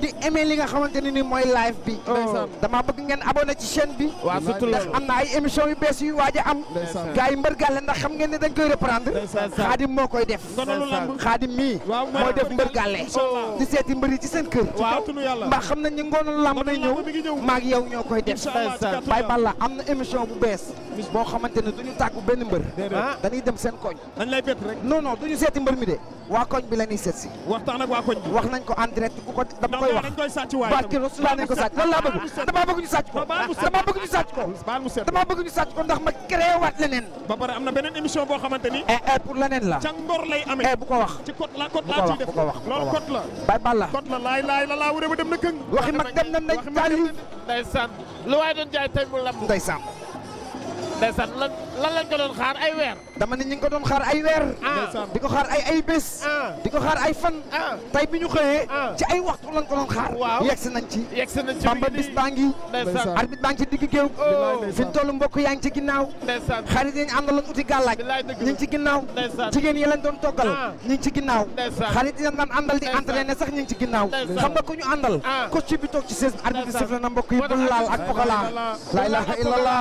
di aimé li nga xamante ne ni mooy live bi oh. dama bëgg ngeen abonné ci chaîne bi ndax am na ay émission yu bees yu waaj a am gars yi mbërgale ndax xam ngeen ne dañ koy reprendre xaadim moo koy def xaadim mii mooy def mbërgale oh, di seeti mbër yi ci seen kër mbaax xam nañ ni ngoonu lamb na ñëw maag yow ñoo koy def bay balla am na émission bu bees boo xamante ne duñu tàggu benn mbër ah? dañuy dem seen koñ non non duñu seeti mbër mi de waa koñ bi la ñuy seet si. waxtaan ak waa koñ bi. wax nañ ko en ku ko dama wax. dañ koy sàcc nañ ko sàcc loolu laa bëgg damaa bëgg ñu ko. damaa bëgg ñu ko. ndax ma créé waat na beneen émission boo xamante ni. Eh, eh, pour leneen la. ca ngor lay amee. Eh, bu ko wax bu ko wax bay bal la laay la laa wure ba dem na këng. waxi mag dem nañ dañ taal yi. lan lañ ko doon xaar ay weer. ko doon xaar ay weer. Ah. di ko xaar ay ay bés. Ah. di ko xaar ay fan. Ah. tey bi ñu xëyee. ci ay waxtu lañ ko doon xaar. waaw nañ ci. yegsi nañ ci bamba bis baa ngi. ndeysaan arbitre baa ngi ci digg géew. Oh. fi ñu toll mbokk yaa ngi ci ginnaaw. ndeysaan xarit yi ñu àndaloon uti gàllaaj. ñu ci ginnaaw. jigéen yi lañ doon toggal. ñu ci ginnaaw. xarit yi daan àndal di entraîné sax ñu ci ginnaaw. xam nga ñu àndal. coach bi toog ci seen arbitre bi sifle na mbokk yi bu laal ak pokalaa. la ilaha illallah.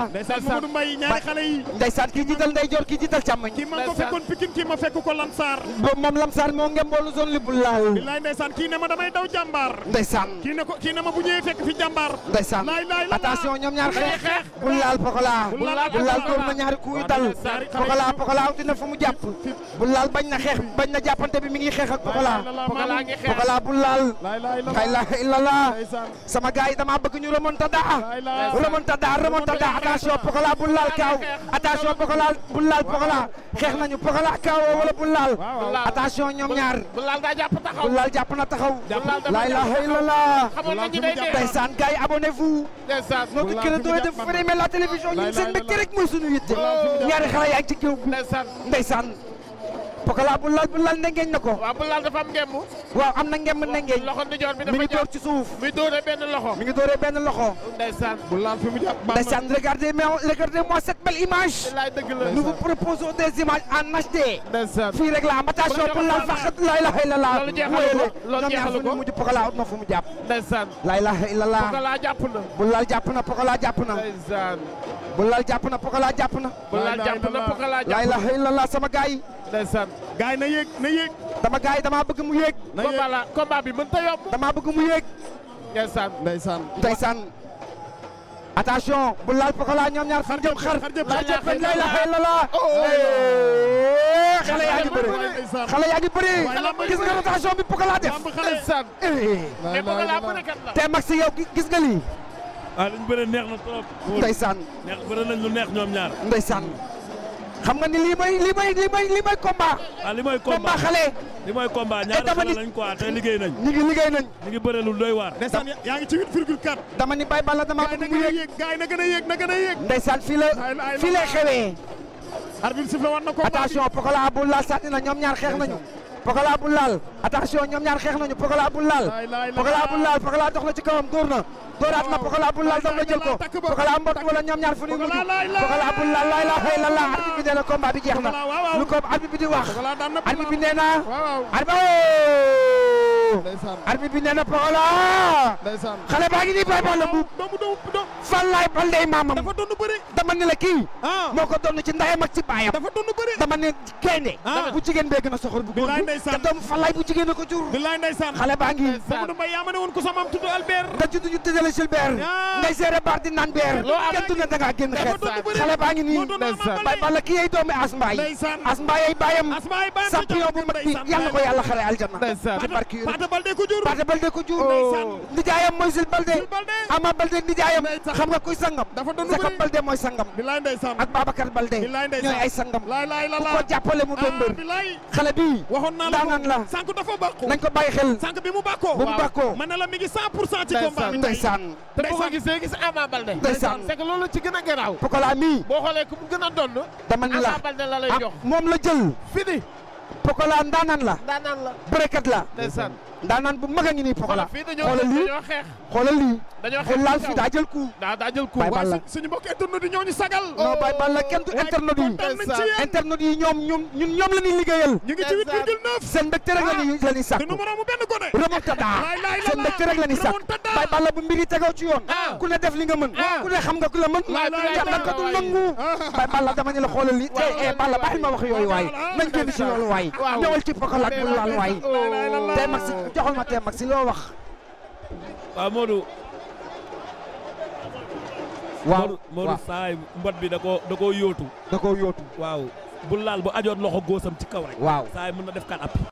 ndeysaan kii jiital ndeyjoor kii jiital càmmoñ kii ma ko fekkoon Pikine kii ma fekk ko Lamsaar moom Lamsaar moo ngem boolu zone li bu laay bilaay ndeysaan kii ne ma damay daw jàmbaar ndeysaan kii ne ko kii ne ma bu ñëwee fekk fi jàmbaar ndeysaan attention ñoom ñaar xeex bul laal Pokola bul laal dóor na ñaari kuy dal Pokola Pokola uti na bañ na xeex bañ na jàppante bi mi ngi xeex ak Pokola Pokola bul kaaw attention Pokola bul laal Pokola xeex nañu Pokola kaawoo wala bul laal. attention ñoom ñaar. bul laal daa jàpp taxaw la ilaha illallah. xamoon nañu day dee ndeysaan gars yi abonnez-vous. ndeysaan la télévision ñun seen mbégte rek mooy suñu yitte. ñaari xale yaa ngi ci géew bi Pokola bu laal bu na ko. bu laal dafa am ngemb. waaw am na ngemb ndengeñ. loxo ngi door ci suuf. mi dooree benn loxo. mi ngi dooree benn loxo. ndeysaan bu laal fi mu jàpp. ndeysaan image. laay dëgg la nous vous proposons des images en HD. ndeysaan fii rek la ambatation bu laal la ilaha illallah. loolu jeexalu ko loolu jeexalu ko ñoom ñaar fu ñu mujj Pokola am na fu mu la ilaha na. bu laal jàpp na Pokola jàpp na. bu laal jàpp na Pokola jàpp na. bu laal jàpp na Pokola jàpp na. la ilaha sama gaay ndeysaan gaay na yéeg na yéeg dama gaay dama bëgg mu yéeg na yéeg combat la combat bi mën ta yomb dama bëgg mu yéeg ndeysaan ndeysaan ndeysaan attention bu laal pokola ñoom ñaar fu jëm xar xar la xel la xale yaa ngi bëri xale yaa ngi bëri gis nga rotation bi pokola def ndeysaan eh. Eh. mais pokola bu la te max yow gis nga lii ah liñ bëri neex na lu neex ñoom ñaar ndeysaan xam nga ni lii mooy lii mooy lii mooy lii mooy combat. ah lii mooy combat xale. lii mooy ñaar xale lañ quoi te liggéey nañ. ñu liggéey nañ. ñu ngi doy waar. ndeysaan yaa ngi ci 8 virgule 4. dama ni Baye Balla dama bëgg mu yéeg gaay na gën a yéeg na gën a yéeg. ndeysaan fii la fii la xewee. arbitre sifflé war na ko. attention la bu laal sànni na ñoom ñaar xeex nañu. Pokola bu laal attention ñoom ñaar xeex nañu Pokola bu laal. Pokola bu dox na ci kawam dóor na dooraat na Pokola Abdoulaye daw na jël ko Pokola mbot wala ñoom ñaar fu ñuy mujj Pokola Abdoulaye la ilaha illallah arbitre bi nee na combat bi jeex na lu ko arbitre bi di wax bi nee Fallou arbitre bi nee na Pokola xale baa ngi nii Baye Balla Mbuub Fallaye Balde maamam dafa doon bëri dama ne la kii ah. moo ko doon ci ndayam ak ci baayam dafa doon bëri ah. bu jigéen bee a soxor bu góor bi te doomu bu jigéen a ko jur bilaay ndeysaan xale baa ngi Mamadou Mbaye yaa ma ne woon ku sama am tudd Albert da tuddu ñu tëjale Gilbert ah. ngay seere baar di naan beer kenn du ne da ngaa génn xeet xale baa ngi nii Baye Balla kii yay doomi As Mbaye As Mbaye ay baayam champion bu mag bi yàlla ko yàlla xare aljanna barki Pathé Baldé ko nijaayam mooy Jules Baldé Ama Baldé nijaayam xam nga sangam Sakam Baldé mooy sangam ak Babacar Baldé ñooy ay sangam ku jàppale mu doon ah, mbër xale bi waxoon la nañ ko bàyyi xel sànq na la mi ngi 100 pour cent ci combat bi ndeysaan ko gisee gis Ama a garaaw Pokola mii boo xoolee a donn dama ni la Ama Baldé la ah, moom la jël fini Pokola ndaanan la ndaanan la la ndaanaan bu mag a ngi nii Pokola xoolal lii xoolal lii dañoo laal fii daa jël coup daa jël coup Baye Balla suñu mbokk internautes yi ñoo ñu sagal non Baye oh, Balla kenn du internautes yi internautes yi ñoom ñun ñun ñoom la ñuy liggéeyal ñu ci 8,9 seen mbégte rek la ñuy la ñuy sàkku ah, remontada seen mbégte rek la ñuy ah. def li nga mën ah. ku ne xam nga ku la mën yàlla ko du nangu Baye Balla dama ne la xoolal lii tey eh, eh Balla ma wax yooyu waay nañ génn ci loolu waay ci Pokola ak joxal ma teem ak si loo wax. waaw Modou. waaw Modou Modou saay mbot bi da koo da koo yootu da koo yootu waaw bu laal bu ajoot loxo góosam ci kaw rek. waaw saay mën na def kat app